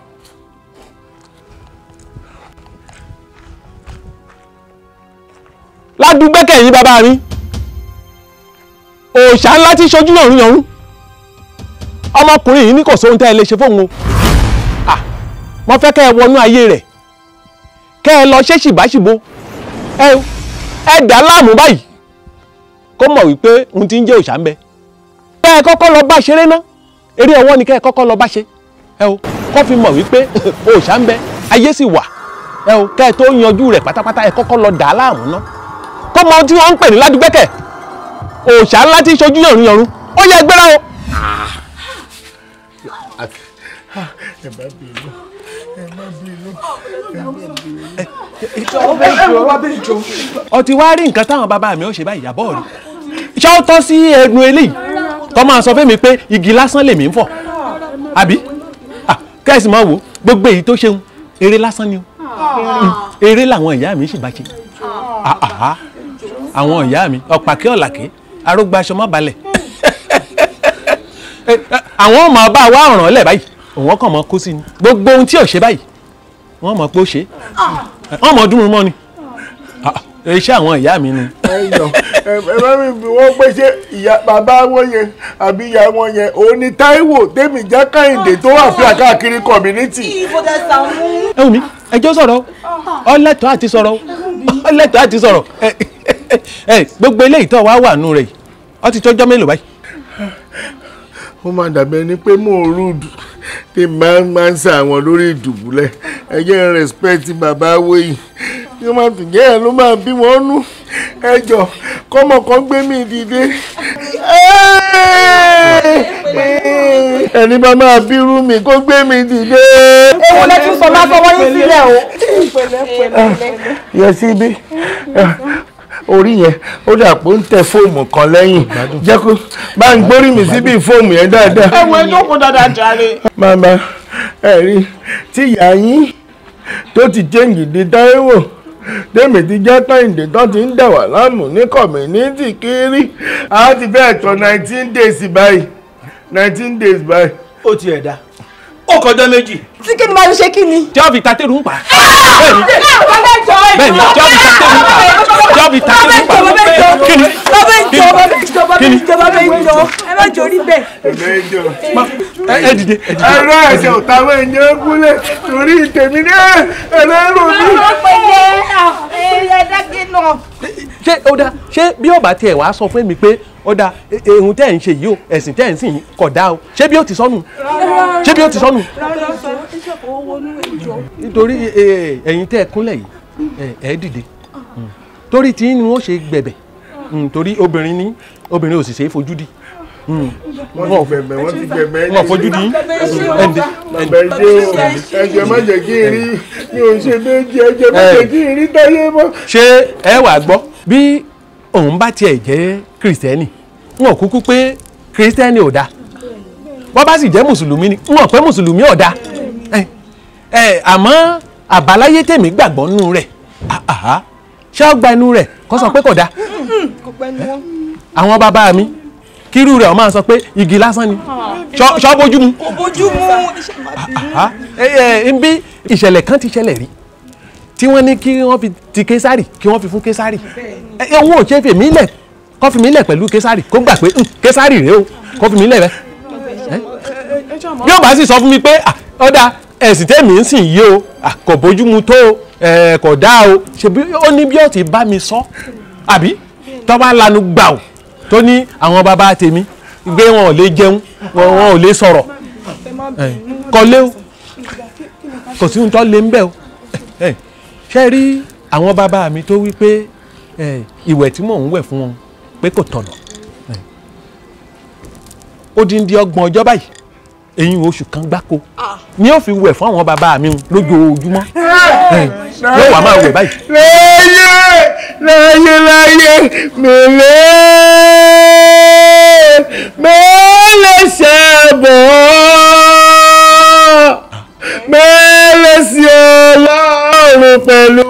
ládùúgbẹ́kẹ̀ yìí bàbá mi òòṣà ńlá tí ṣojú yọ̀rún yọ̀rún ọmọkùnrin yìí ní kò sóhun tẹ́ ẹ lè ṣe fóun o mo fẹ́ kẹ́ ẹ wọnú ayé rẹ̀ kẹ́ ẹ lọ ṣe ṣìbáṣìbo ẹ ẹ dà á láàmú báyìí kó mọ̀ wípé òun ti ń jẹ́ òòṣà ń bẹ kẹ́ ẹ kọ́kọ́ lọ bá ṣeré ná eré ọwọ́ ni kẹ́ ẹ kọ́kọ́ lọ bá ṣe ẹ o kọ́ fi mọ̀ wípé [LAUGHS] òòṣà ń bẹ ayé sì wà ẹ o kẹ́ ẹ tó yanjú rẹ̀ pátápátá ẹ kọ́kọ́ lọ dà á láàmú ná kọ́ mọ tí wọ́n ń pè ní ládùúgbẹ́kẹ̀ òòṣà ńlá tí ń ṣojú yọ̀run yọ̀run ó yẹ gbéra o. Ah. Ah. Ah. ẹ bá bèrè ọtí wá rí nǹkan táwọn bàbá mi ò ṣe báyìí yàbọ̀ rí ṣé ó tọ́ sí ẹnu eléyìí kọ́ máa sọ fún mi pé igi lásán lèmi ń fọ̀ àbí kẹ́sì máa wò gbogbo èyí tó ṣeun eré lásán ni o eré làwọn ìyá mi ṣì bá ṣe àwọn ìyá mi ọ̀pàkẹ́ ọ̀làkẹ́ arógbáṣọ má balẹ̀ [LAUGHS] àwọn ọmọ ọba wa ọ̀ràn lẹ̀ báyìí òun ọkàn mọ́ kó sí ni gbogbo ohun tí ò ṣe báyìí wọ́n mọ̀ pé ó ṣe é wọ́n mọ̀ dúnmù mọ́ ni ah, iṣẹ́ àwọn ìyá mi ni. ẹyọ ẹ̀rọ mi bí wọ́n pé ṣé ìyá bàbá wọn yẹn àbí ìyá wọn yẹn òun ni Táíwò tèmi jẹ́ Kẹ́hìndé tó wà fún àkàkiri community. ẹ wù mí ẹjọ́ sọ̀rọ̀ ọlẹ́tọ̀ àti sọ̀rọ̀ ọlẹ́tọ̀ àti sọ̀rọ̀ gbogbo eléyìí tó wá wà nù rẹ̀ ó ti tọ́jọ́ mélòó báyìí ó máa dàbí ẹni pé mo rúdù tí máa ń máa ń sa àwọn lórí ìdùbúlẹ̀ ẹ jẹ́ respect bàbá wo yìí tí ó máa fi jẹ́ ẹ ló máa bí wọ́n nú ẹ jọ kọ́mọ kan gbé mi dìde ẹni bá máa bírú mi kó gbé mi dìde. ewu lẹ́tí sọ máa fọwọ́ yín sílẹ̀ o. yẹ sí orí yẹn ó dà pé ó ń tẹ fóòmù kan lẹ́yìn jẹ́ kó bá ń gbórí mi síbi fóòmù yẹn dáadáa. ẹ wo ẹjọ́ kó dáadáa jàre. màmá ẹ rí tí ìyá yín tó ti jẹ́ǹgì di Táíwò tèmi ti jẹ́ kẹ́hìndé tó ti ń dà wá láàmú ní kọ̀mínítì kiri a ti fẹ́ẹ̀ tọ́ nineteen days báyìí nineteen days báyìí. ó ti ẹ̀ dá ó kọjọ méjì. tí kí ni màá ṣe kí ni. jọ́ọ̀bì tatẹ́rù ń pa. bẹ́ẹ̀ni bẹ́ẹ̀ni jọ́ọ̀bì tatẹ́rù ń pa jọ́ọ̀bì tatẹ́rù ń pa. kí ni kí ni ẹ má jọ orí bẹ́ẹ̀. ẹ dìde ẹ dìde. ẹ̀rọ ẹ̀sẹ̀ òtàwọn èèyàn gúnlẹ̀ torí tèmi náà ẹlẹ́rù mi. ṣé ó dá ṣé bí ọba tiẹ̀ wàá sọ fún mi pé ó dáa ehun tẹ́ ẹ̀ ń ṣe yìí o ẹ̀sìn tẹ́ ẹ̀ ń sìn yìí kò dáa o ṣé bí ó ti sọnù ṣé bí ó ti sọnù. nítorí e, ẹ̀yin tẹ́ ẹ kúnlẹ̀ yìí ẹ̀ dìde torí tí ni wọ́n ṣe gbẹ̀bẹ̀ hmm, torí obìnrin ni obìnrin ò sì ṣe é fojú di wọ́n gbẹ̀mẹ̀ wọ́n ti gbẹ̀mẹ̀ ní wọ́n fojú di ẹ̀ǹdẹ̀. bàbá ẹjẹ o ẹjẹ má jẹ́ kí n rí mi ò ṣe méjì ẹjẹ má jẹ́ kí n rí táyé mọ́. ṣé ẹ wàá gbọ́ bí òun bá tiẹ̀ jẹ́ kìrìsìtẹ́nì wọn kúkú pé kìrìsìtẹ́nì ò dáa wọ́n bá sì jẹ́ mùsùlùmí ni wọn pé mùsùlùmí ò dáa ẹ àmọ́ àbáláyé tèmi gbàgbọ́ nínú rẹ̀ ṣé ó inú rẹ̀ kó sọ pé kò dáa àwọn bàbá mi kírú rẹ̀ ọ̀ máa sọ pé igi lásán ni ṣọ́ bójú mu. kò bójú mu. nbí ìṣẹ̀lẹ̀ kan ti ṣẹlẹ̀ rí tí wọ́n ní kí wọ́n fi ti késàrì kí wọ́n fi fún késàrì ẹ wọn ò ṣe fi mí lẹ̀ kọ́ fi mí lẹ̀ pẹ̀lú késàrì kó gbà pé késàrì rèé o kọ́ fi mí lẹ̀ bẹ́ẹ̀ bí ó bá sì sọ fún mi pé ọ̀dà ẹ̀sìn tẹ́mi ń sìn yìí o kò bójúmu tó o kò dáa o ṣebí ó ní bí ó ti bá mi sọ àbí tó bá lanu gbàù tó ní àwọn bàbá tèmi gbé wọn ò lè jẹun wọn ò lè sọ̀rọ̀ kọ lé o kò sí ohun tó lè ń bẹ̀ o ṣe rí àwọn bàbá mi tó wí pé ìwẹ̀ tí mò ń wẹ̀ fún wọn pé kò tọ̀nà odindi ọgbọ̀n ọjọ́ báyìí èyí oṣù kan gbáko ni ó fi wẹ̀ fún àwọn bàbá mi lójoojúmọ́ yóò wá máa wẹ̀ báyìí. láyé láyé láyé mẹ́lẹ́ ṣàbọ̀ mẹ́lẹ́ sí ọlọ́run pẹ̀lú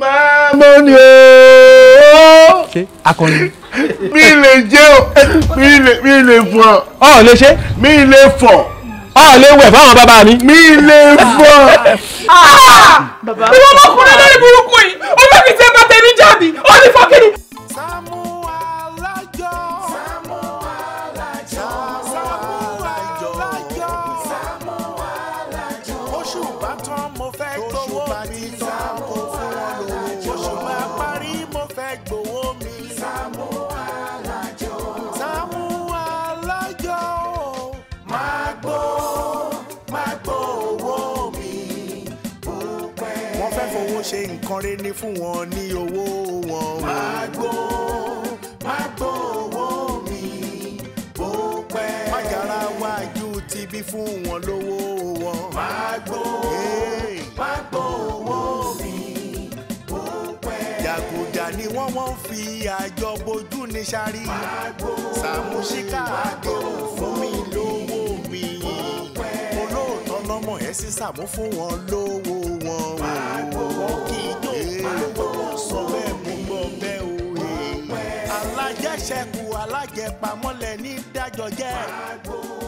mámọ́ni o. ṣé akọni. mi lè jẹ́ o mi lè fọ̀. ọ lè ṣe. mi lè fọ̀. ọ lè wẹ̀ fáwọn bàbá mi. mi lè fọ̀. Ah! ìwọ ọmọkùnrin lórí burúkú yìí ó fẹ́ fi jáde ó ní fọ́kìnì. kọrin ní fún wọn ní owó wọn. Magbo, magbo owó mi, bó pẹ́. Májàra wájú ti bí fún wọn lówó wọn. Magbo, magbo owó mi, bó pẹ́. Jàgùjà ni wọ́n wọ́n fi àjọ bojú ní sáré. Magbo, Sàmúsíkà àjọ fún mi lówó mi. Bó pẹ́. Olóòótọ́ lọ́mọ ẹ̀ sísàmú fún wọn lówó wọn. Magbo, ó kì í sọ bẹ́ẹ̀ mo gbọ́ bẹ́ẹ̀ òye alájẹṣẹ́kù alájẹpamọ́lẹ̀ ní dájọ́ jẹ́.